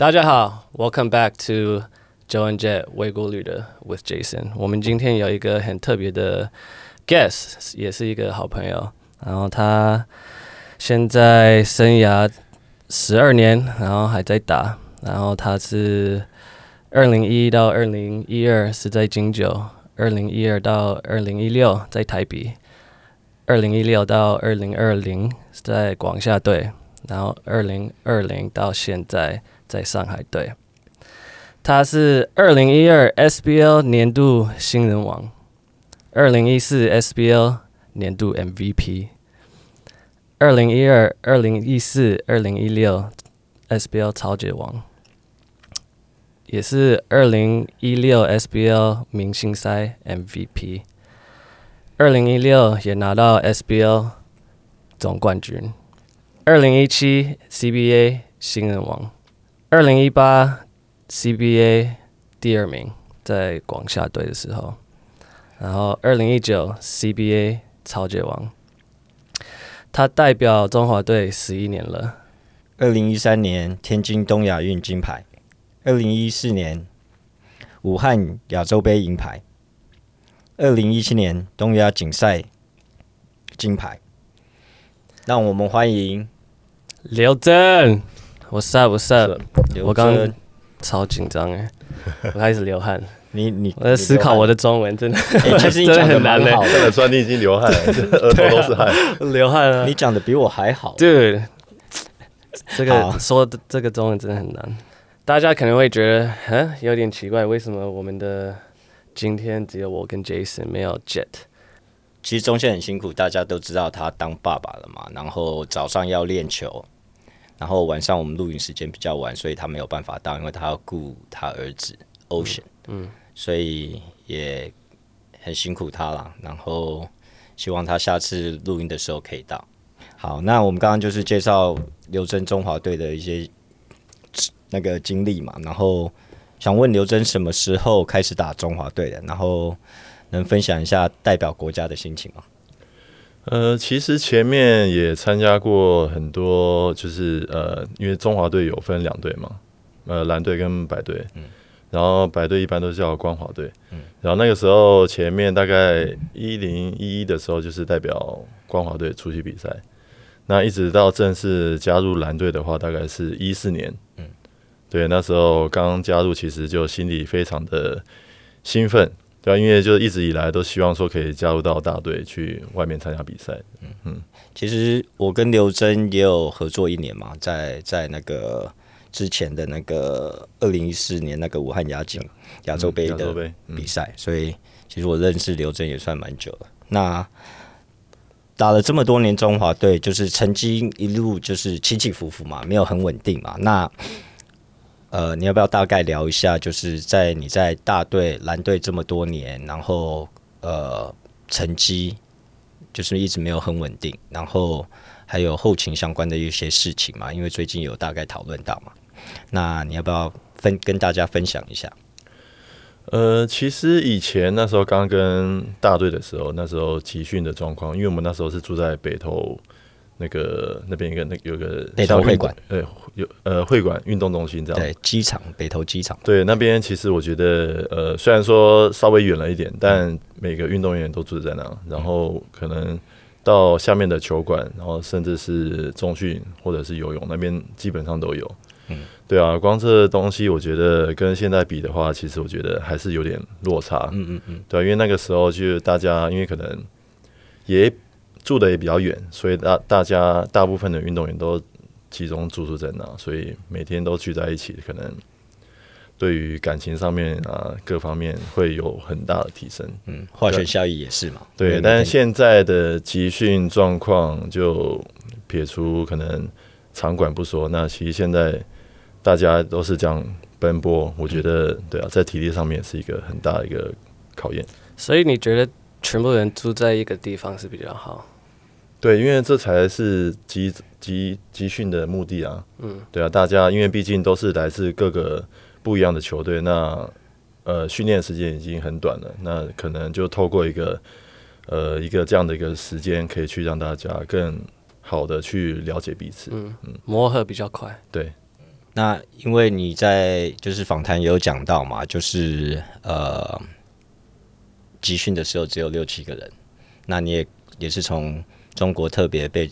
大家好，Welcome back to Joe and Jet WEGO LITER with Jason。我們今天有一個很特別的 guest，也是一個好朋友。然後他現在生涯十二年，然後還在打。然後他是二零一一到二零一二是在金酒，二零一二到二零一六在台啤，二零一六到二零二零是在廣廈隊，然後二零二零到現在。在上海，對，他是二零一二 SBL 年度新人王，二零一四 SBL 年度 MVP，二零一二、二零一四、二零一六 SBL 超級王，也是二零一六 SBL 明星賽 MVP，二零一六也拿到 SBL 總冠軍，二零一七 CBA 新人王。二零一八 CBA 第二名，在廣廈隊的時候，然後二零一九 CBA 超級王，他代表中華隊十一年了。二零一三年天津東亞運金牌，二零一四年武漢亞洲杯銀牌，二零一七年東亞錦賽金牌。讓我們歡迎劉錚。我曬我曬了，我剛剛超緊張哎，我開始流汗。 你你我在思考我的中文，真的、 欸、其實 真的很難、欸。好 對對，看得出你已經流汗了，額頭都是汗，流汗了。你講的比我還好。對，這個 說的這個中文真的很難。大家可能會覺得，嗯，有點奇怪，為什麼我們的今天只有我跟 Jason 沒有 Jet？其實忠憲很辛苦，大家都知道他當爸爸了嘛，然後早上要練球。然後晚上我們錄音時間比較晚，所以他沒有辦法到，因為他要顧他兒子 Ocean，、嗯嗯、所以也很辛苦他了。然後希望他下次錄音的時候可以到。好，那我們剛剛就是介紹劉錚中華隊的一些那個經歷嘛，然後想問劉錚什麼時候開始打中華隊的，然後能分享一下代表國家的心情嗎？呃，其實前面也參加過很多，就是呃，因為中華隊有分兩隊嘛，呃，藍隊跟白隊，嗯，然後白隊一般都叫光華隊，然後那個時候前面大概一零一一的時候，就是代表光華隊出去比賽，嗯，那一直到正式加入藍隊的話，大概是一四年，嗯，對，那時候剛加入，其實就心裡非常的興奮。對啊，因為就一直以來都希望說可以加入到大隊去外面參加比賽。嗯嗯，其實我跟劉錚也有合作一年嘛，在在那個之前的那個二零一四年那個武漢亞錦、嗯、亞洲杯的比賽、嗯，所以其實我認識劉錚也算蠻久了。那打了這麼多年中華隊，就是曾經一路就是起起伏伏嘛，沒有很穩定嘛。那呃，你要不要大概聊一下？就是在你在大隊藍隊這麼多年，然後呃，成績就是一直沒有很穩定，然後還有後勤相關的一些事情嘛。因為最近有大概討論到嘛，那你要不要分跟大家分享一下？呃，其實以前那時候剛跟大隊的時候，那時候集訓的狀況，因為我們那時候是住在北投。那個那邊一個那個、有個北投會館，對、欸，有呃會館運動中心這樣。對，機場北投機場。對，那邊其實我覺得，呃，雖然說稍微遠了一點，但每個運動員都住在那、嗯，然後可能到下面的球館，然後甚至是重訓或者是游泳那邊基本上都有。嗯，對啊，光這東西我覺得跟現在比的話，其實我覺得還是有點落差。嗯嗯嗯，對、啊，因為那個時候就是大家因為可能也。住的也比較遠，所以大大家大部分的運動員都集中住宿在那啊，所以每天都聚在一起，可能對於感情上面啊各方面會有很大的提升。嗯，化學效益，也是嘛。對，但是現在的集訓狀況就撇除可能場館不說，那其實現在大家都是這樣奔波，我覺得對啊，在體力上面是一個很大的一個考驗。所以你覺得全部人住在一個地方是比較好？對，因為這才是集集集訓的目的啊。嗯，對啊，大家因為畢竟都是來自各個不一樣的球隊，那呃，訓練時間已經很短了，那可能就透過一個呃一個這樣的一個時間，可以去讓大家更好的去了解彼此。嗯嗯，磨合比較快。嗯，對，那因為你在就是訪談也有講到嘛，就是呃集訓的時候只有六七個人，那你也也是從。中國特別被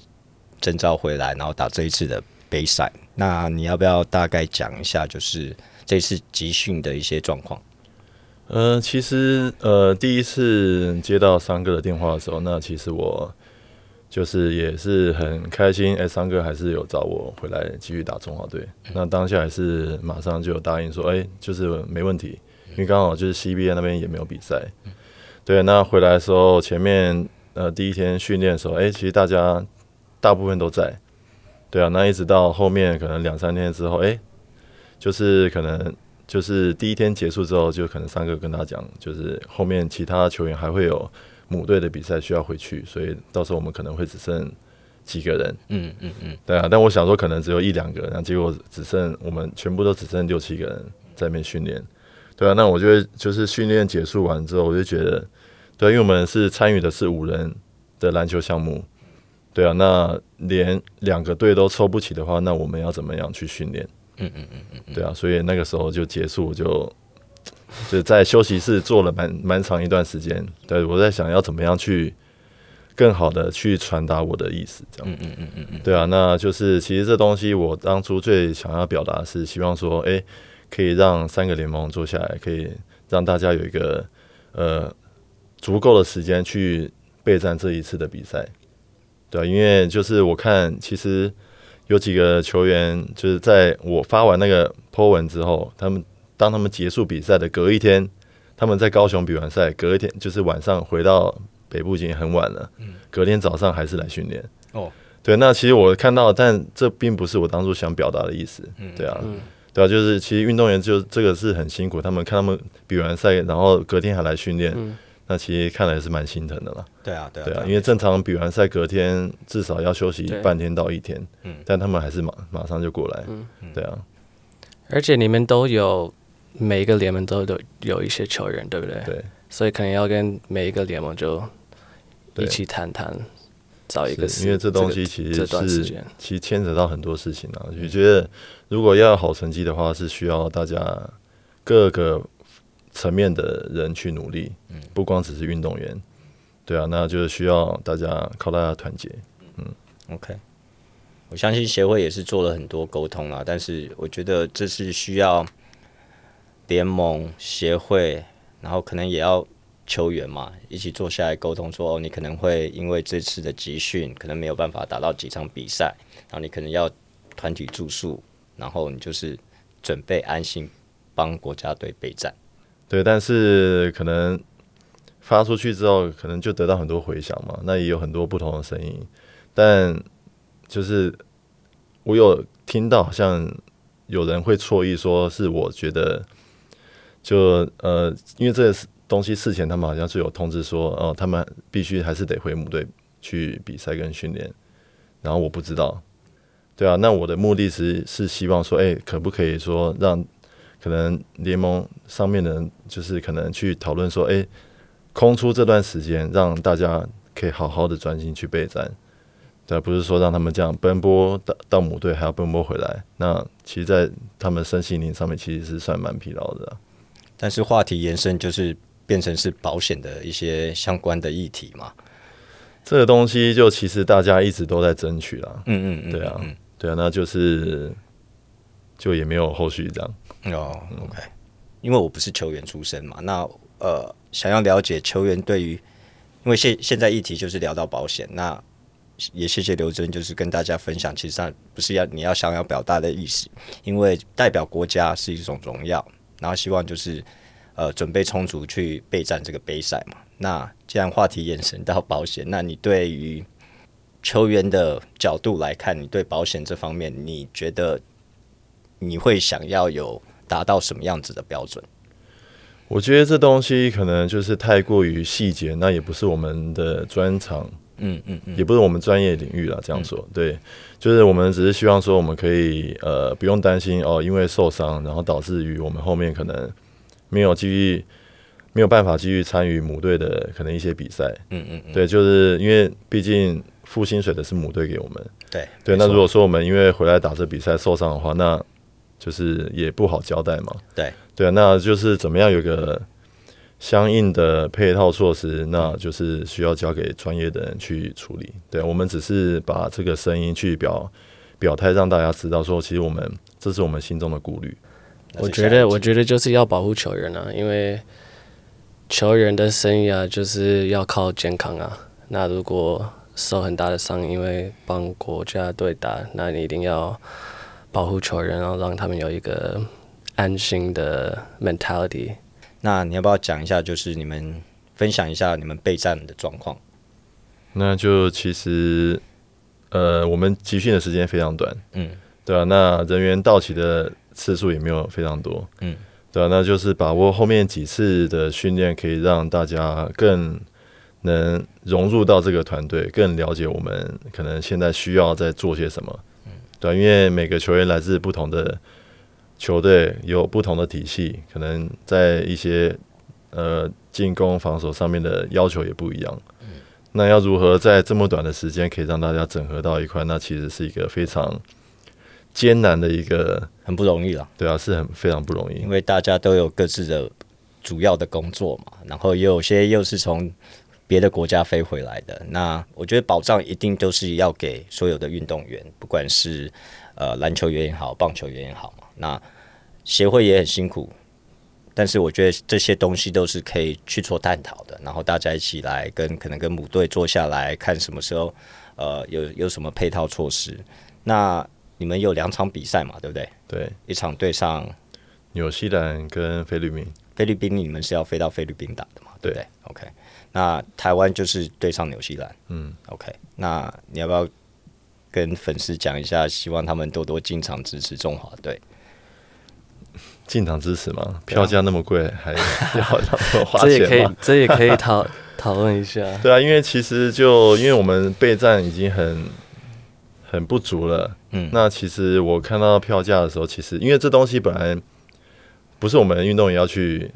徵召回來，然後打這一次的杯賽。那你要不要大概講一下，就是這次集訓的一些狀況？呃，其實呃，第一次接到三哥的電話的時候，那其實我就是也是很開心。哎、欸，三哥還是有找我回來繼續打中華隊。那當下還是馬上就答應說，哎、欸，就是沒問題，因為剛好就是 CBA 那邊也沒有比賽。對，那回來的時候前面。呃，第一天訓練的時候，哎、欸，其實大家大部分都在，對啊。那一直到後面可能兩三天之後，哎、欸，就是可能就是第一天結束之後，就可能三個跟大家講，就是後面其他球員還會有母隊的比賽需要回去，所以到時候我們可能會只剩幾個人。嗯嗯嗯。對啊，但我想說可能只有一兩個人，那結果只剩我們全部都只剩六七個人在那邊訓練，對啊。那我就就是訓練結束完之後，我就覺得。對，因為我們是參與的是五人的籃球項目，對啊，那連兩個隊都抽不起的話，那我們要怎麼樣去訓練？嗯嗯嗯嗯，對啊，所以那個時候就結束就，就就在休息室坐了蠻 蠻長一段時間。對，我在想要怎麼樣去更好的去傳達我的意思，這樣。嗯嗯嗯嗯嗯，對啊，那就是其實這東西我當初最想要表達的是希望說，哎，可以讓三個聯盟坐下來，可以讓大家有一個呃。足夠的時間去備戰這一次的比賽，對啊，因為就是我看，其實有幾個球員，就是在我發完那個 po 文之後，他們當他們結束比賽的隔一天，他們在高雄比完賽，隔一天就是晚上回到北部已經很晚了，隔天早上還是來訓練，哦，對，那其實我看到，但這並不是我當初想表達的意思，對啊，對啊，就是其實運動員就這個是很辛苦，他們看他們比完賽，然後隔天還來訓練，那其實看來也是蠻心疼的了。對啊，對啊，對啊，因為正常比完賽隔天至少要休息半天到一天，嗯，但他們還是馬馬上就過來，嗯，嗯，對啊。而且你們都有每一個聯盟都有有一些球員，對不對？對，所以可能要跟每一個聯盟就一起談談，找一個時間，因為這東西其實是這段時間其實牽扯到很多事情啊。我覺得如果要好成績的話，是需要大家各個。層面的人去努力，嗯，不光只是運動員，嗯，對啊，那就是需要大家靠大家團結，嗯，OK，我相信協會也是做了很多溝通啦，但是我覺得這是需要聯盟、協會，然後可能也要球員嘛，一起坐下來溝通說，哦，你可能會因為這次的集訓，可能沒有辦法打到幾場比賽，然後你可能要團體住宿，然後你就是準備安心幫國家隊備戰。對，但是可能發出去之後，可能就得到很多回響嘛。那也有很多不同的聲音，但就是我有聽到，好像有人會錯意說，是我覺得就呃，因為這個東西事前他們好像是有通知說，哦、呃，他們必須還是得回母隊去比賽跟訓練。然後我不知道，對啊，那我的目的是是希望說，哎、欸，可不可以說讓？可能聯盟上面的人就是可能去討論說，哎、欸，空出這段時間讓大家可以好好的專心去備戰，對，不是說讓他們這樣奔波到，到母隊還要奔波回來。那其實，在他們身心靈上面其實是算蠻疲勞的、啊。但是話題延伸就是變成是保險的一些相關的議題嘛。這個東西就其實大家一直都在爭取了。嗯，嗯嗯嗯，對啊，對啊，那就是就也沒有後續這樣。哦、oh，OK、嗯、因為我不是球員出身嘛，那呃，想要了解球員對於，因為現現在議題就是聊到保險，那也謝謝劉錚，就是跟大家分享。其實上不是要你要想要表達的意思，因為代表國家是一種榮耀，然後希望就是呃準備充足去備戰這個杯賽嘛。那既然話題延伸到保險，那你對於球員的角度來看，你對保險這方面，你覺得？你會想要有達到什麼樣子的標準？我覺得這東西可能就是太過於細節，那也不是我們的專長，嗯嗯嗯，也不是我們專業領域了。這樣說、嗯，對，就是我們只是希望說，我們可以呃不用擔心哦，因為受傷，然後導致於我們後面可能沒有繼續沒有辦法繼續參與母隊的可能一些比賽。嗯嗯，嗯，對，就是因為畢竟付薪水的是母隊給我們，嗯、對對。那如果說我們因為回來打這比賽受傷的話，那就是也不好交代嘛，對。對對啊，那就是怎麼樣有個相應的配套措施，那就是需要交給專業的人去處理。對啊，我們只是把這個聲音去表表態，讓大家知道說，其實我們這是我們心中的顧慮。我覺得，我覺得就是要保護球員啊，因為球員的生涯啊，就是要靠健康啊。那如果受很大的傷，因為幫國家隊打，那你一定要。保護球員，然後讓他們有一個安心的 mentality。那你要不要講一下，就是你們分享一下你們備戰的狀況？那就其實，呃，我們集訓的時間非常短，嗯，對啊，那人員到齊的次數也沒有非常多，嗯，對啊，那就是把握後面幾次的訓練，可以讓大家更能融入到這個團隊，更了解我們可能現在需要在做些什麼。對，因為每個球員來自不同的球隊，有不同的體系，可能在一些呃進攻、防守上面的要求也不一樣。嗯，那要如何在這麼短的時間可以讓大家整合到一塊？那其實是一個非常艱難的一個，很不容易了。對啊，是很非常不容易，因為大家都有各自的主要的工作嘛，然後有些又是從。別的國家飛回來的，那我覺得保障一定都是要給所有的運動員，不管是呃籃球員也好，棒球員也好嘛。那協會也很辛苦，但是我覺得這些東西都是可以去做探討的，然後大家一起來跟可能跟母隊坐下來看什麼時候呃有，有什麼配套措施。那你們有兩場比賽嘛，對不對？對，一場對上紐西蘭跟菲律賓，菲律賓你們是要飛到菲律賓打的嘛？對不對？對，OK。那台灣就是對上紐西蘭，嗯，OK。那你要不要跟粉絲講一下？希望他們多多進場支持中華隊，進場支持嗎？啊、票價那麼貴，還要花錢 這也可以，這也可以討討論一下。對啊，因為其實就因為我們備戰已經很很不足了。嗯，那其實我看到票價的時候，其實因為這東西本來不是我們運動員要去，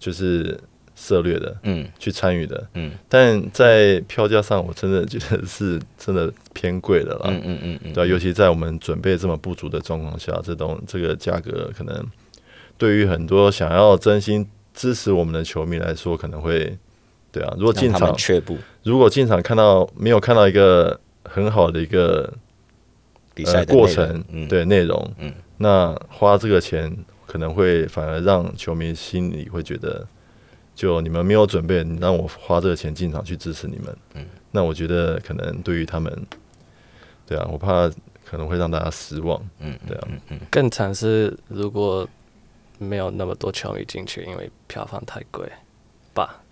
就是。策略的，嗯，去參與的，嗯，但在票價上，我真的覺得是真的偏貴的了，嗯嗯嗯嗯，對、啊，尤其在我們準備這麼不足的狀況下，這種這個價格可能對於很多想要真心支持我們的球迷來說，可能會，對啊，如果進場卻步，如果進場看到沒有看到一個很好的一個、嗯呃、的過程，嗯、對內容，嗯，那花這個錢可能會反而讓球迷心裡會覺得。就你們沒有準備，你讓我花這個錢進場去支持你們，嗯，那我覺得可能對於他們，對啊，我怕可能會讓大家失望，嗯，對啊，嗯嗯，更慘是如果沒有那麼多球迷進去，因為票房太貴吧。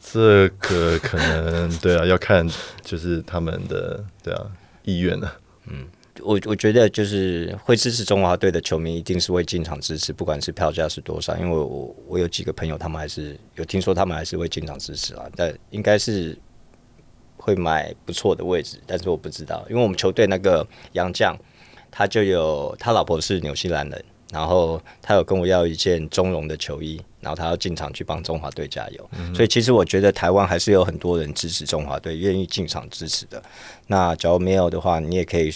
這個可能對啊， 要看就是他們的對啊意願了，嗯。我我覺得就是會支持中華隊的球迷一定是會進場支持，不管是票價是多少，因為我我有幾個朋友，他們還是有聽說，他們還是會進場支持啊。但應該是會買不錯的位置，但是我不知道，因為我們球隊那個楊絳，他就有他老婆是紐西蘭人，然後他有跟我要一件中絨的球衣，然後他要進場去幫中華隊加油。嗯。所以其實我覺得台灣還是有很多人支持中華隊，願意進場支持的。那假如沒有的話，你也可以。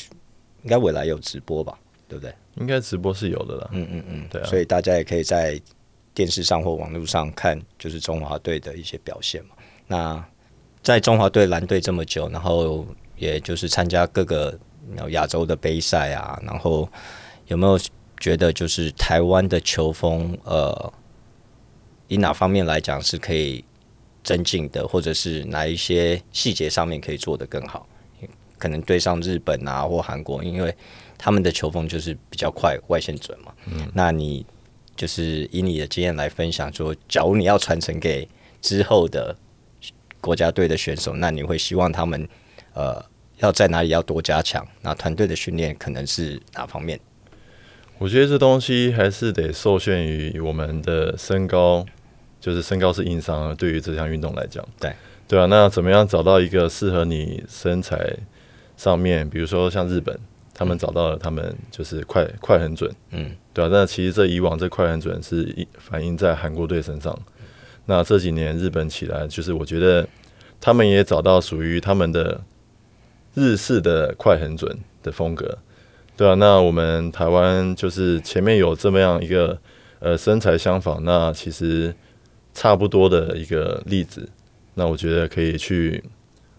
應該未來有直播吧，對不對？應該直播是有的了。嗯嗯嗯，對啊。所以大家也可以在電視上或網絡上看，就是中華隊的一些表現嘛。那在中華隊藍隊這麼久，然後也就是參加各個亞洲的盃賽啊，然後有沒有覺得就是台灣的球風呃，以哪方面來講是可以增進的，或者是哪一些細節上面可以做得更好？可能對上日本啊或韓國，因為他們的球風就是比較快，外線準嘛。嗯，那你就是以你的經驗來分享說，說假如你要傳承給之後的國家隊的選手，那你會希望他們呃要在哪裡要多加強？那團隊的訓練可能是哪方面？我覺得這東西還是得受限於我們的身高，就是身高是硬傷，對於這項運動來講。對對啊，那怎麼樣找到一個適合你身材？上面比如說像日本，他們找到了，他們就是快、嗯、快很準，嗯，對啊。那其實這以往這快很準是一反映在韓國隊身上。那這幾年日本起來，就是我覺得他們也找到屬於他們的日式的快很準的風格，對啊。那我們台灣就是前面有這麼樣一個呃身材相仿，那其實差不多的一個例子，那我覺得可以去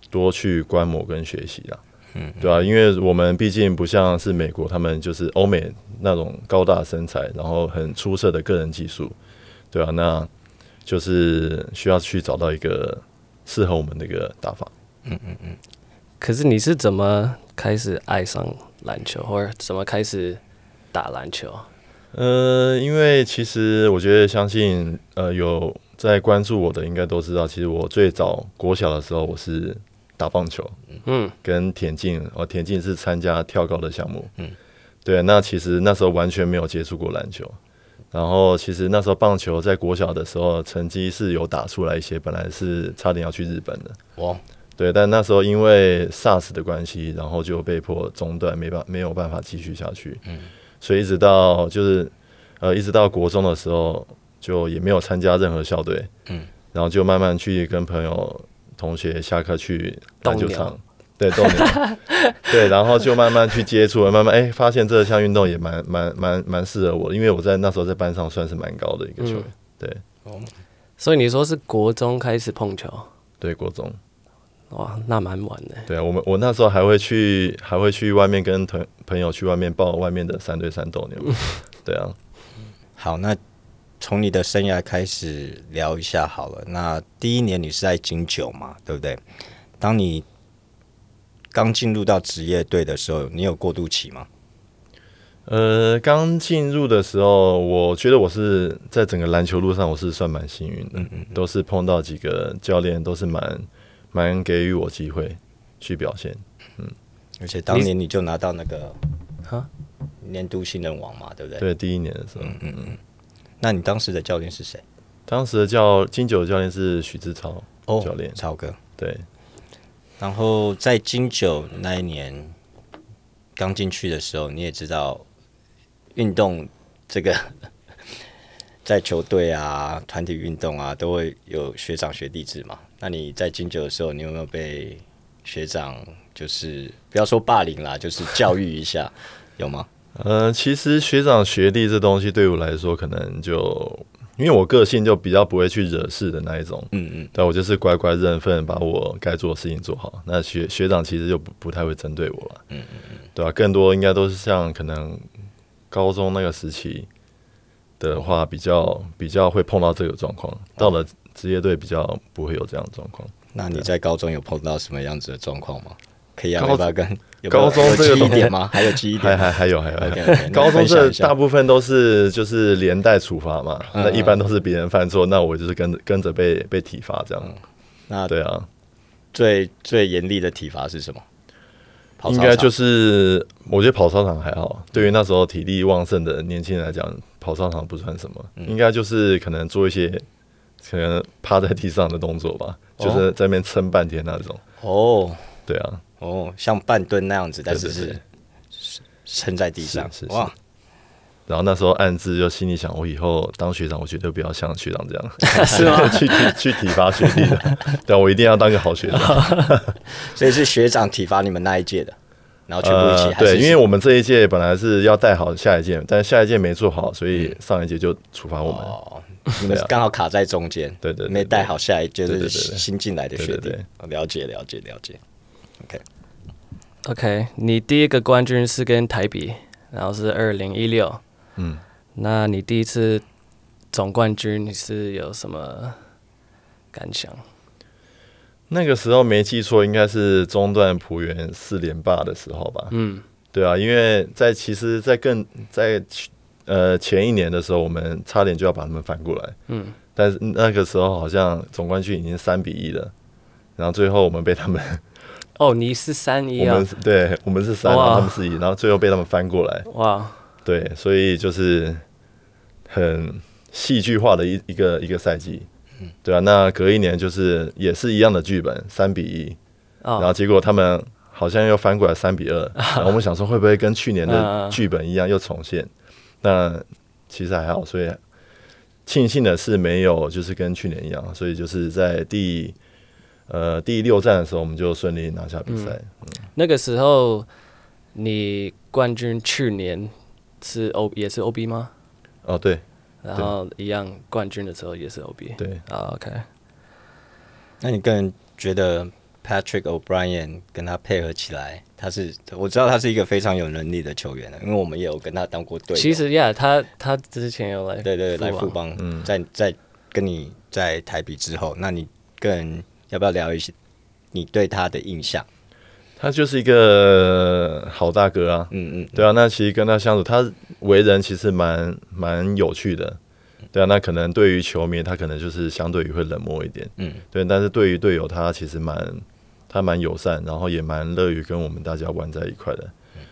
多去觀摩跟學習啊。嗯，對啊。因為我們畢竟不像是美國，他們就是歐美那種高大的身材，然後很出色的個人技術，對啊。那就是需要去找到一個適合我們的一個打法。嗯嗯嗯。可是你是怎麼開始愛上籃球，或者怎麼開始打籃球？呃，因為其實我覺得相信，呃，有在關注我的應該都知道，其實我最早國小的時候，我是。打棒球，嗯，跟田徑，哦，田徑是參加跳高的項目，嗯，對，那其實那時候完全沒有接觸過籃球，然後其實那時候棒球在國小的時候成績是有打出來一些，本來是差點要去日本的，哇，對，但那時候因為 SARS 的關係，然後就被迫中斷，沒辦沒有辦法繼續下去，嗯，所以一直到就是，呃，一直到國中的時候就也沒有參加任何校隊，嗯，然後就慢慢去跟朋友。同學下課去籃球場，對鬥牛， 對，然後就慢慢去接觸，慢慢哎、欸，發現這項運動也蠻蠻蠻蠻適合我，因為我在那時候在班上算是蠻高的一個球員，嗯，對、哦。所以你說是國中開始碰球？對，國中。哇，那蠻晚的。對啊，我們我那時候還會去，還會去外面跟朋朋友去外面報外面的三對三鬥牛，嗯，對啊。嗯、好，那。從你的生涯開始聊一下好了。那第一年你是在金酒嘛，對不對？當你剛進入到職業隊的時候，你有過渡期嗎？呃，剛進入的時候，我覺得我是在整個籃球路上，我是算蠻幸運的，嗯嗯嗯，都是碰到幾個教練，都是蠻蠻給予我機會去表現。嗯，而且當年你就拿到那個哈年度新人王嘛，對不對？對，第一年的時候，嗯嗯。那你當時的教練是誰？當時的教金九的教練是徐志超教練。哦，超哥。對。然後在金九那一年剛進去的時候，你也知道，運動這個在球隊啊、團體運動啊，都會有學長學弟制嘛。那你在金九的時候，你有沒有被學長就是不要說霸凌啦，就是教育一下， 有嗎？嗯、呃，其實學長學弟這東西對我來說，可能就因為我個性就比較不會去惹事的那一種，嗯嗯，但我就是乖乖認份，把我該做的事情做好。那學學長其實就不不太會針對我了，嗯嗯，嗯對吧、啊？更多應該都是像可能高中那個時期的話，比較比較會碰到這個狀況。到了職業隊比較不會有這樣的狀況、嗯。那你在高中有碰到什麼樣子的狀況嗎？可以啊。高中這有重點嗎？這個、 還有記憶點？還 還還有還有還？有還有還有 okay, okay, 高中是 大部分都是就是連帶處罰嘛？ 那一般都是別人犯錯，嗯嗯，那我就是跟着跟着被被體罰這樣，嗯。那對啊。最最嚴厲的體罰是什麼？應該就是我覺得跑操場還好，對於那時候體力旺盛的年輕人來講，跑操場不算什麼。嗯、應該就是可能做一些可能趴在地上的動作吧，哦、就是在那邊撐半天那種。哦，對啊。哦，像半蹲那樣子，但是是撐在地上，是哇。然後那時候暗自就心裡想：我以後當學長，我絕對不要像學長這樣， 是嗎？去體去體罰學弟的， 對，我一定要當個好學長。 所以是學長體罰你們那一屆的，然後全部一起、呃。對，因為我們這一屆本來是要帶好下一屆，但下一屆沒做好，所以上一屆就處罰我們。嗯哦啊、你們剛好卡在中間， 對，對，對，對，對對，沒帶好下一屆，就是新進來的學弟，了解了解了解。了解了解 OK，OK，、okay. okay, 你第一個冠軍是跟台啤，然後是二零一六，嗯，那你第一次總冠軍你是有什麼感想？那個時候沒記錯，應該是中斷璞園四連霸的時候吧？嗯，對啊，因為在其實在更，在更在呃前一年的時候，我們差點就要把他們反過來，嗯，但是那個時候好像總冠軍已經三比一了，然後最後我們被他們。 哦、oh,，你是三一樣、啊、對，我們是三，wow. 他們是一，然後最後被他們翻過來。哇、wow.！對，所以就是很戲劇化的一一個一個賽季，嗯，對啊，那隔一年就是也是一樣的劇本，三比一、oh. 然後結果他們好像又翻過來三比二。 然後我們想說會不會跟去年的劇本一樣又重現？ 嗯、那其實還好，所以慶幸的是沒有，就是跟去年一樣，所以就是在第。呃，第六站的時候，我們就順利拿下比賽，嗯嗯。那個時候，你冠軍去年是歐也是 O B 嗎？哦，對。然後一樣冠軍的時候也是 O B。對，啊、oh, OK。那你個人覺得 Patrick O'Brien 跟他配合起來，他是我知道他是一個非常有能力的球員了，因為我們也有跟他當過隊。其實呀，yeah, 他他之前有來 對對，對來富邦。嗯，在在跟你在台比之後，那你個人。要不要聊一些你對他的印象？他就是一個好大哥啊，嗯嗯，對啊。那其實跟他相處，他為人其實蠻蠻有趣的，對啊。那可能對於球迷，他可能就是相對於會冷漠一點，嗯，對。但是對於隊友，他其實蠻他蠻友善，然後也蠻樂於跟我們大家玩在一塊的。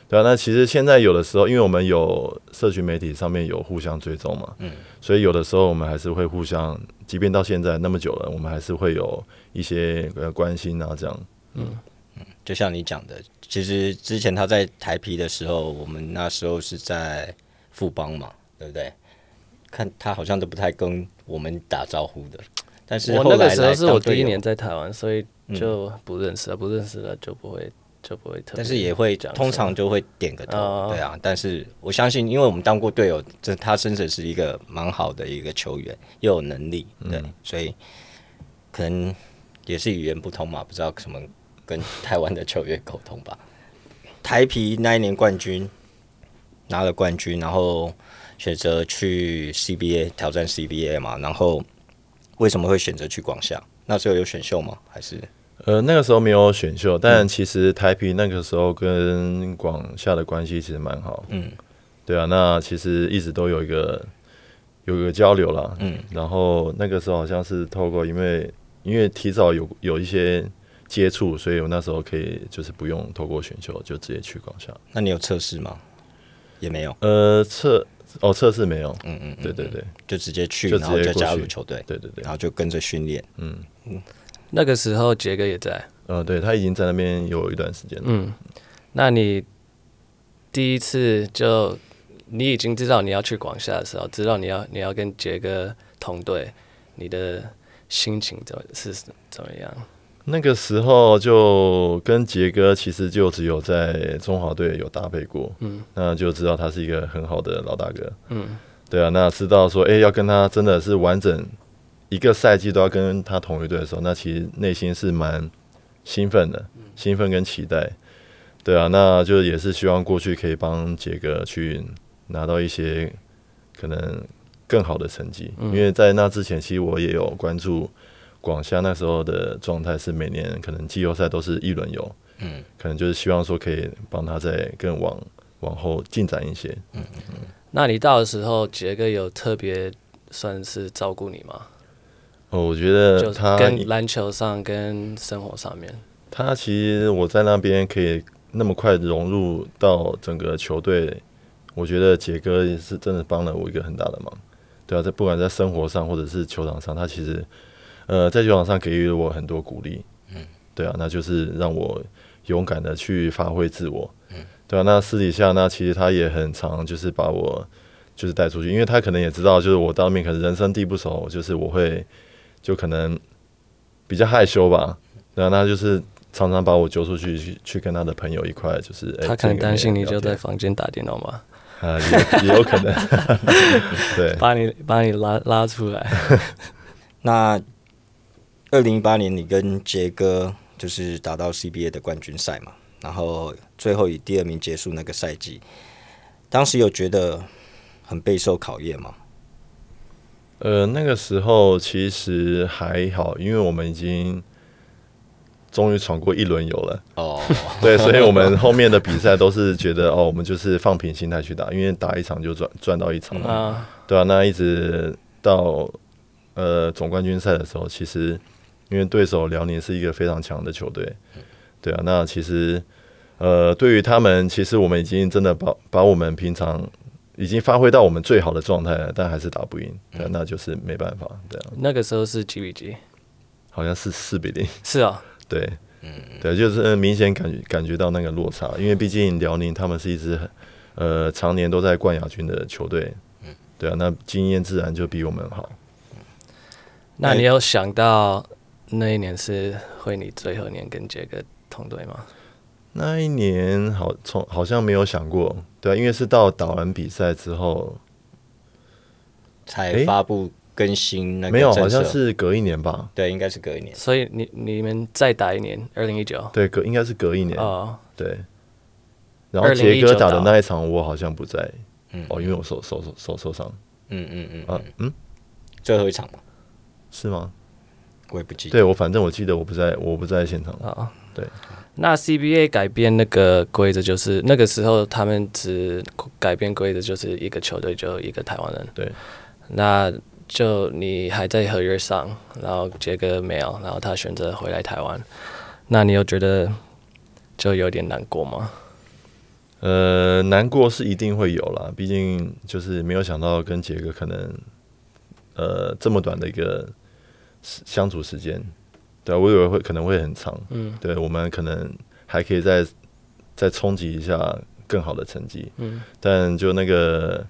對啊，那其實現在有的時候，因為我們有社群媒體上面有互相追蹤嘛，嗯，所以有的時候我們還是會互相，即便到現在那麼久了，我們還是會有一些關心啊，這樣，嗯嗯，就像你講的，其實之前他在台啤的時候，我們那時候是在富邦嘛，對不對？看他好像都不太跟我們打招呼的，但是來來我那個時候是我第一年在台灣，所以就不認識了，嗯、不認識了就不會。就不會特，但是也會，通常就會點個頭，哦哦對啊。但是我相信，因為我們當過隊友，這他真的是一個蠻好的一個球員，又有能力，對，嗯、所以可能也是語言不通嘛，不知道怎麼跟台灣的球員溝通吧。 台啤那一年冠軍拿了冠軍，然後選擇去 CBA 挑戰 CBA 嘛，然後為什麼會選擇去廣廈？那時候有選秀嗎？還是？呃，那個時候沒有選秀，但其實台啤那個時候跟廣廈的關係其實蠻好。嗯，對啊，那其實一直都有一個有一個交流了。嗯，然後那個時候好像是透過，因為因為提早有有一些接觸，所以我那時候可以就是不用透過選秀就直接去廣廈。那你有測試嗎？也沒有。呃，測哦，測試沒有。嗯嗯，對對對，就直接去，直接去然後就加入球隊。對對對，然後就跟着訓練。嗯。嗯。那個時候杰哥也在。嗯，對，他已經在那邊有一段時間了。嗯，那你第一次就你已經知道你要去廣廈的時候，知道你要你要跟杰哥同隊，你的心情怎是怎麼樣？那個時候就跟杰哥其實就只有在中華隊有搭配過，嗯，那就知道他是一個很好的老大哥，嗯，對啊，那知道說哎、欸、要跟他真的是完整。一個賽季都要跟他同一隊的時候，那其實內心是蠻興奮的，興奮跟期待，對啊，那就也是希望過去可以幫傑哥去拿到一些可能更好的成績。嗯，因為在那之前，其實我也有關注廣廈那時候的狀態，是每年可能季後賽都是一輪遊，嗯，可能就是希望說可以幫他再更往往後進展一些。嗯，那你到的時候，傑哥有特別算是照顧你嗎？哦，我覺得他跟籃球上跟生活上面，他其實我在那邊可以那麼快融入到整個球隊，我覺得杰哥也是真的幫了我一個很大的忙，對啊，在不管在生活上或者是球場上，他其實呃在球場上給予了我很多鼓勵，嗯，對啊，那就是讓我勇敢的去發揮自我，嗯，對啊，那私底下那其實他也很常就是把我就是帶出去，因為他可能也知道就是我當面可能人生地不熟，就是我會。就可能比較害羞吧，然後他就是常常把我揪出去去，去跟他的朋友一塊，就是他可能擔心你就在房間打電腦嘛，哎、 啊也也有可能， 對，把你把你拉拉出來。 那二零一八年你跟杰哥就是打到 CBA 的冠軍賽嘛，然後最後以第二名結束那個賽季，當時有覺得很備受考驗嗎？呃，那個時候其實還好，因為我們已經終於闖過一輪遊了。哦、oh.，對，所以我們後面的比賽都是覺得 哦，我們就是放平心態去打，因為打一場就賺賺到一場了。Uh. 對啊，那一直到呃總冠軍賽的時候，其實因為對手遼寧是一個非常強的球隊，對啊，那其實呃對於他們，其實我們已經真的把把我們平常。已經發揮到我們最好的狀態了，但還是打不贏，那、嗯、那就是沒辦法對、啊，那個時候是幾比幾？好像是四比零。是啊、哦，對，嗯，嗯，對，就是明顯感覺感覺到那個落差，嗯、因為畢竟遼寧他們是一支很呃常年都在冠亞軍的球隊，嗯，對啊，那經驗自然就比我們好。那你有想到那一年是會你最後一年跟傑哥同隊嗎？那一年好從好像沒有想過。對，因為是到打完比賽之後才發布更新那、欸。沒有，好像是隔一年吧。對，應該是隔一年。所以你你們再打一年，二零一九。對，隔應該是隔一年。哦，對。然後杰哥打的那一場，我好像不在。哦，因為我手手手受傷。嗯嗯嗯。啊嗯。最後一場是嗎？我也不記得。對，我反正我記得我不在，我不在現場。啊、哦，對。那 CBA 改變那個規則，就是那個時候他們只改變規則，就是一個球隊就一個台灣人。對，那就你還在合約上，然後杰哥沒有，然後他選擇回來台灣，那你有覺得就有點難過嗎？呃，難過是一定會有啦，畢竟就是沒有想到跟杰哥可能呃這麼短的一個相處時間。對，我以為會可能會很長，嗯，對，我們可能還可以再再衝擊一下更好的成績，嗯，但就那個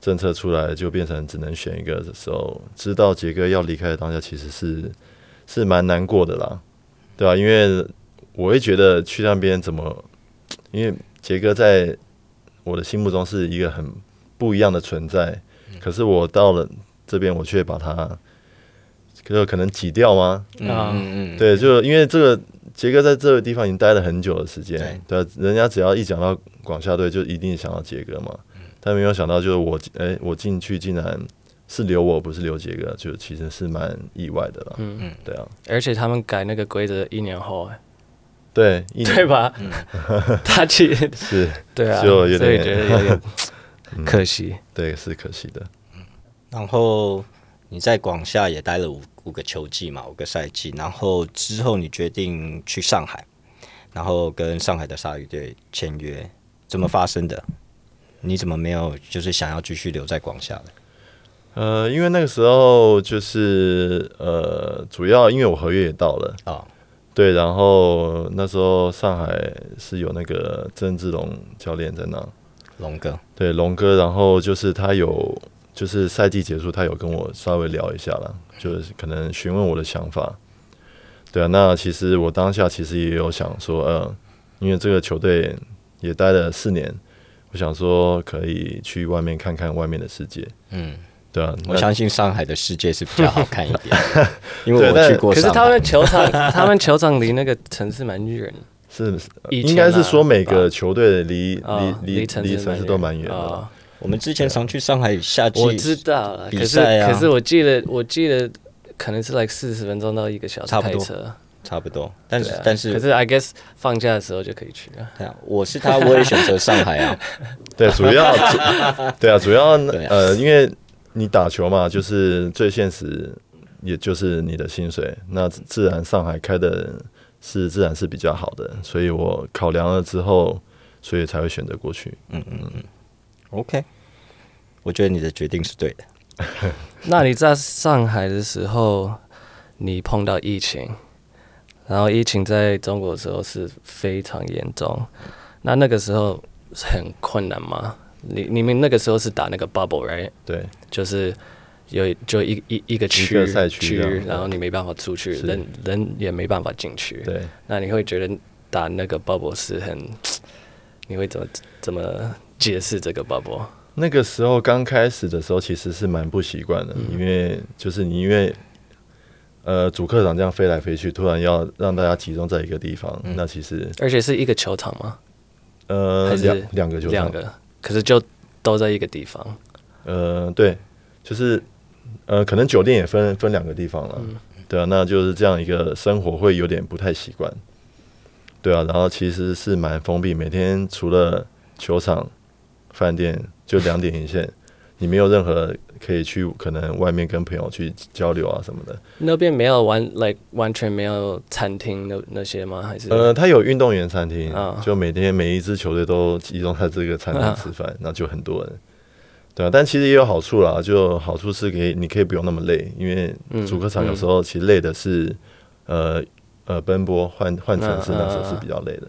政策出來，就變成只能選一個的時候，So, 知道傑哥要離開的當下，其實是是蠻難過的啦，對啊，因為我會覺得去那邊怎麼，因為傑哥在我的心目中是一個很不一樣的存在，嗯，可是我到了這邊，我卻把他。就是可能擠掉嗎？嗯、啊，對，就因為這個杰哥在這個地方已經待了很久的時間，對，人家只要一講到廣廈隊，就一定想到杰哥嘛、嗯。但沒有想到，就是我，哎、欸，我進去竟然是留我不是留杰哥，就其實是蠻意外的了。嗯嗯，對啊。而且他們改那個規則一年後、欸，對，一年對吧？嗯、 他去其實笑是對啊，就有點，有點、 嗯、可惜。對，是可惜的。嗯，然後。你在廣廈也待了五五個球季嘛，五個賽季，然後之後你決定去上海，然後跟上海的鯊魚隊簽約，怎麼發生的？你怎麼沒有就是想要繼續留在廣廈的？呃，因為那個時候就是呃，主要因為我合約也到了啊、哦，對，然後那時候上海是有那個鄭志龍教練在那，龍哥，對，龍哥，然後就是他有。就是賽季結束，他有跟我稍微聊一下了，就是可能詢問我的想法。對啊，那其實我當下其實也有想說，嗯、呃，因為這個球隊也待了四年，我想說可以去外面看看外面的世界。嗯，對啊，我相信上海的世界是比較好看一點， 因為我，我去過。可是他們球場， 他們球場離那個城市蠻遠的，是，是、啊？應該是說每個球隊離離離離城市都蠻遠的。哦。我們之前常去上海夏季比賽、啊嗯，去我知道了。可是可是我記得我記得可能是來四十分鐘到一個小時，開車差不多。差不多，但但是、啊、可是 I guess 放假的時候就可以去了。對啊、我是他，我也選擇上海啊。 對，主要對啊， 主要呃，因為你打球嘛，就是最現實，也就是你的薪水。那自然上海開的是自然是比較好的，所以我考量了之後，所以才會選擇過去。嗯嗯嗯。OK，我覺得你的決定是對的。 那你在上海的時候，你碰到疫情，然後疫情在中國的時候是非常嚴重。那那個時候是很困難嗎？你你們那個時候是打那個 bubble，right？對，就是有就一一一個區，區，然後你沒辦法出去，人人也沒辦法進去。對，那你會覺得打那個 bubble 是很？你會怎麼怎麼？解釋這個 bubble。那個時候剛開始的時候，其實是蠻不習慣的、嗯，因為就是你因為呃主客場這樣飛來飛去，突然要讓大家集中在一個地方，嗯、那其實而且是一個球場嗎？呃，兩兩個球場，兩個，可是就都在一個地方。呃，對，就是呃可能酒店也分分兩個地方了、嗯，對啊，那就是這樣一個生活會有點不太習慣。對啊，然後其實是蠻封閉，每天除了球場。嗯飯店就兩點一線， 你沒有任何可以去，可能外面跟朋友去交流啊什麼的。那邊沒有完，like 完全沒有餐廳的那,那些嗎？還是呃，他有運動員餐廳，oh. 就每天每一支球隊都集中在這個餐廳吃飯，那、uh -huh. 就很多人。對啊，但其實也有好處啦，就好處是可以，你可以不用那麼累，因為主客場有時候其實累的是、uh -huh. 呃呃奔波換換城市，那時候是比較累的。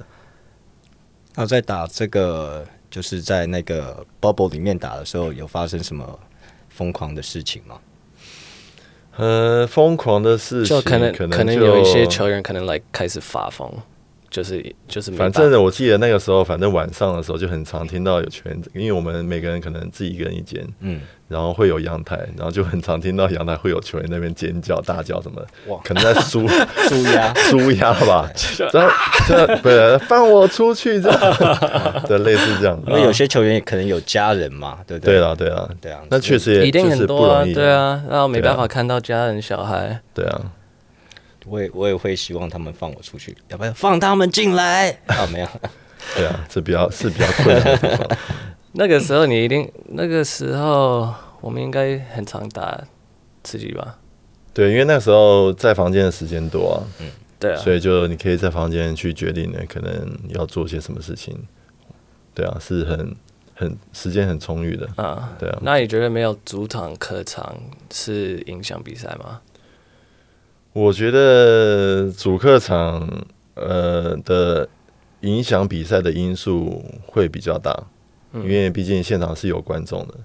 那、uh -huh. 在打這個。嗯就是在那個 bubble 裡面打的時候，有發生什麼瘋狂的事情嗎？呃，瘋狂的事情，就可能可能，就可能有一些球員可能來、like、開始發瘋。就是就是，反正我記得那個時候，反正晚上的時候就很常聽到有球員，因為我們每個人可能自己一個人一間，嗯，然後會有陽台，然後就很常聽到陽台會有球員那邊尖叫大叫什麼，哇，可能在紓、啊、 紓壓紓壓吧，這這，對，放我出去，這 這類似這樣，因為有些球員可能有家人嘛，對對對了、啊對、啊、對啊，那確實也是不、啊、一定容易、啊。對啊，那我沒辦法看到家人小孩，對啊。對啊。我也我也會希望他們放我出去，要不要放他們進來啊？沒有，對啊，這比較是比較困難的。 那個時候你一定那個時候我們應該很常打吃雞吧？對，因為那個時候在房間的時間多啊，嗯，對啊，所以就你可以在房間去決定你，可能要做些什麼事情。對啊，是很很時間很充裕的啊。對啊，那你覺得沒有主場客場是影響比賽嗎？我覺得主客場呃的影響比賽的因素會比較大，因為畢竟現場是有觀眾的，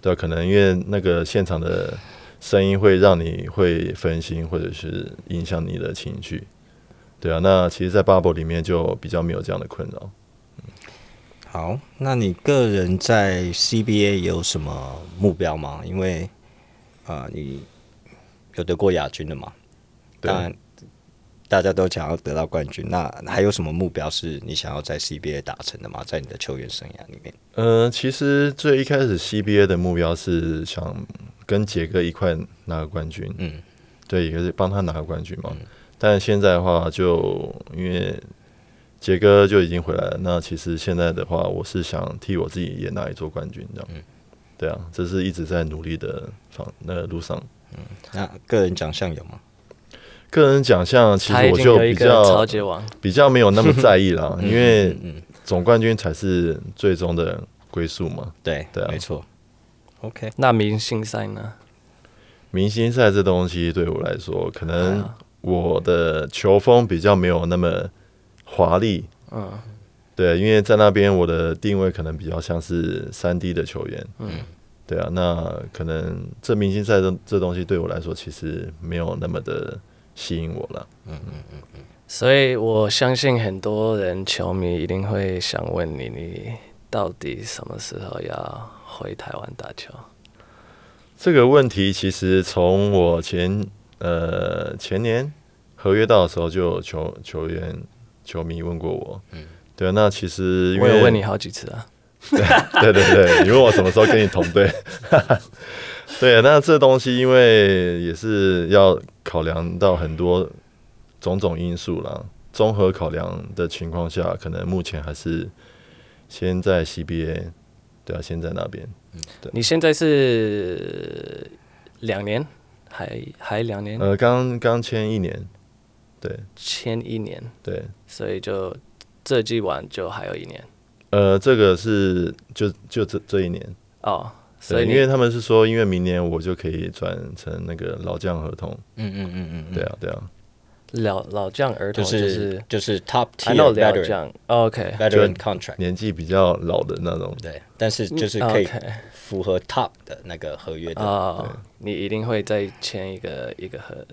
對、啊、可能因為那個現場的聲音會讓你會分心，或者是影響你的情緒，對啊。那其實，在 Bubble 裡面就比較沒有這樣的困擾、嗯。好，那你個人在 CBA 有什麼目標嗎？因為啊、呃，你有得過亞軍的嗎？當然，大家都想要得到冠軍。那還有什麼目標是你想要在 CBA 達成的嗎？在你的球員生涯裡面？呃，其實最一開始 CBA 的目標是想跟杰哥一塊拿個冠軍。嗯，對，也是幫他拿個冠軍嘛。嗯、但現在的話，就因為杰哥就已經回來了，那其實現在的話，我是想替我自己也拿一座冠軍，這樣、嗯。對啊，這是一直在努力的方那個路上。嗯，那、啊、個人獎項有嗎？嗯個人獎項其實我就比較比較沒有那麼在意了，因為總冠軍才是最終的歸宿嘛。對對啊，沒錯。OK，那明星賽呢？明星賽這東西對我來說，可能我的球風比較沒有那麼華麗。嗯，對啊，因為在那邊我的定位可能比較像是三 D 的球員。嗯，對啊，那可能這明星賽這這東西對我來說，其實沒有那麼的。吸引我了。嗯嗯嗯嗯，所以我相信很多人球迷一定會想問你，你到底什麼時候要回台灣打球？這個問題其實從我前呃前年合約到的時候，就有球球員球迷問過我，嗯，對，那其實因為我有問你好幾次啊， 對對對對，你問我什麼時候跟你同隊？ 對，那這東西因為也是要考量到很多種種因素啦。綜合考量的情況下，可能目前還是先在 CBA，對啊，先在那邊。嗯，你現在是兩年，還還兩年？呃，剛剛簽一年，對，簽一年，對，所以就這季完就還有一年。呃，這個是就就這這一年哦。Oh. 對，因為他們是說，因為明年我就可以轉成那個老將合同。嗯，嗯嗯嗯嗯，對啊，對啊。老老將合同就是、就是、就是 Top Tier Veteran，okay，Veteran Contract，年紀比較老的那種。對，但是就是可以符合 Top 的那個合約的。嗯 okay. oh, 你一定會再簽一個一個合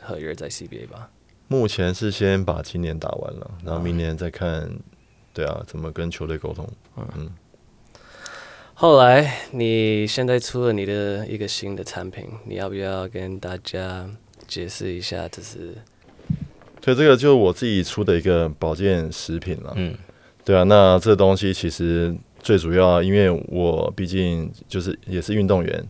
合約在 CBA 吧？目前是先把今年打完了，然後明年再看。嗯、對啊，怎麼跟球隊溝通？嗯。嗯後來，你現在出了你的一個新的產品，你要不要跟大家解釋一下？就是，對，這個就是我自己出的一個保健食品了。嗯，對啊，那這東西其實最主要，因為我畢竟就是也是運動員，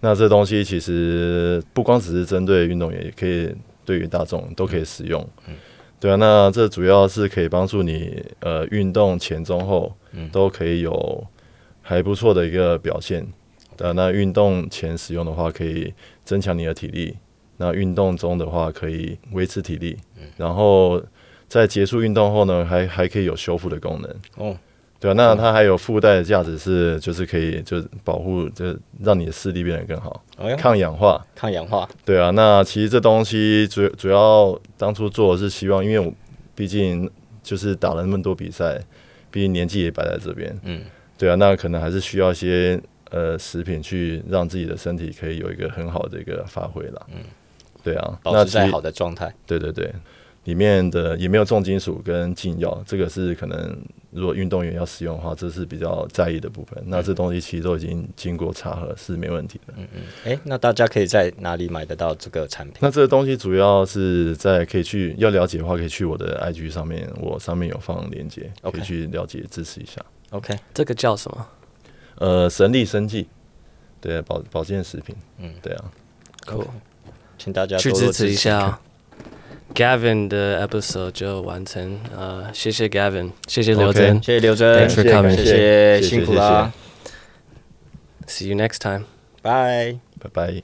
那這東西其實不光只是針對運動員，也可以對於大眾都可以使用。嗯，對啊，那這主要是可以幫助你呃運動前中後，都可以有。還不錯的一個表現，呃、啊，那運動前使用的話，可以增強你的體力；那運動中的話，可以維持體力；然後在結束運動後呢，還還可以有修復的功能。哦，對啊，那它還有附帶的價值是，就是可以就是保護，就讓你的視力變得更好、哎，抗氧化，抗氧化。對啊，那其實這東西主要主要當初做的是希望，因為我畢竟就是打了那麼多比賽，畢竟年紀也擺在這邊，嗯。對啊，那可能還是需要一些呃食品去讓自己的身體可以有一個很好的一個發揮了。嗯，對啊，保持在好的狀態。對對對，裡面的也沒有重金屬跟禁藥，嗯，這個是可能如果運動員要使用的話，這是比較在意的部分。嗯、那這東西其實都已經經過查核，是沒問題的。嗯嗯，誒，那大家可以在哪裡買得到這個產品？那這個東西主要是在可以去要了解的話，可以去我的 IG 上面，我上面有放鏈接，可以去了解，okay. 支持一下。OK，這個叫什麼？呃，神力生技，對，保保健食品，嗯，對啊，好、cool，請大家試試去支持一下啊。Gavin 的 episode 就完成，呃，謝謝 Gavin，謝謝劉錚，okay, 謝謝劉錚, thanks for coming, 謝謝，謝謝劉錚，謝謝辛苦啦。See you next time，拜拜拜拜。